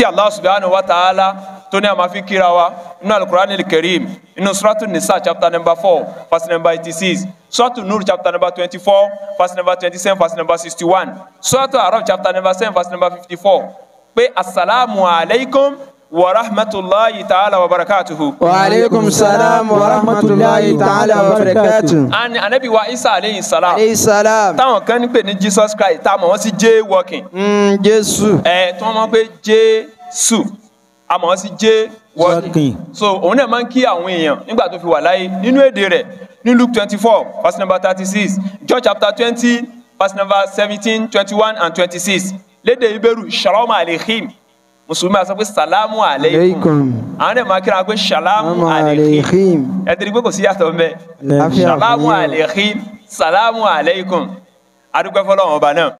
tí allah subhanahu wa ta'ala tó ní a máa fi kíra wa nínú alukur'an al-karim nínú suratu nisa chapter number four verse number eighty-six suratu nur chapter number twenty-four verse number twenty-seven verse number sixty-one suratu araf chapter number seven verse number fifty-four pé asalaamu alaykum. ورحمة الله تعالى وبركاته وعليكم السلام ورحمة الله تعالى وبركاته عن النبي وعيسى عليه السلام عليه السلام táwọn kan ń pè ní Jesus Christ táwọn wọ́n sì jẹ́ walking. Hmm, Jésù. ẹ tí wọ́n máa ń pè Jésù àmọ́ wọ́n sì jẹ́ walking. so òun náà máa ń kí àwọn èèyàn nígbà tó fi wà láyé nínú èdè rẹ̀ ní Luke twenty four verse number thirty John chapter twenty verse number seventeen twenty and 26. six lédè Hébérù shalom aleichem mùsùlùmí a sọ pé salamu aleikum àwọn dẹ̀ máa kíra pé salamu aleikum ẹ tẹ́lẹ̀ pé kò sí yàtọ̀ mbẹ́ salamu aleikum salamu aleikum adúgbò ọba náà.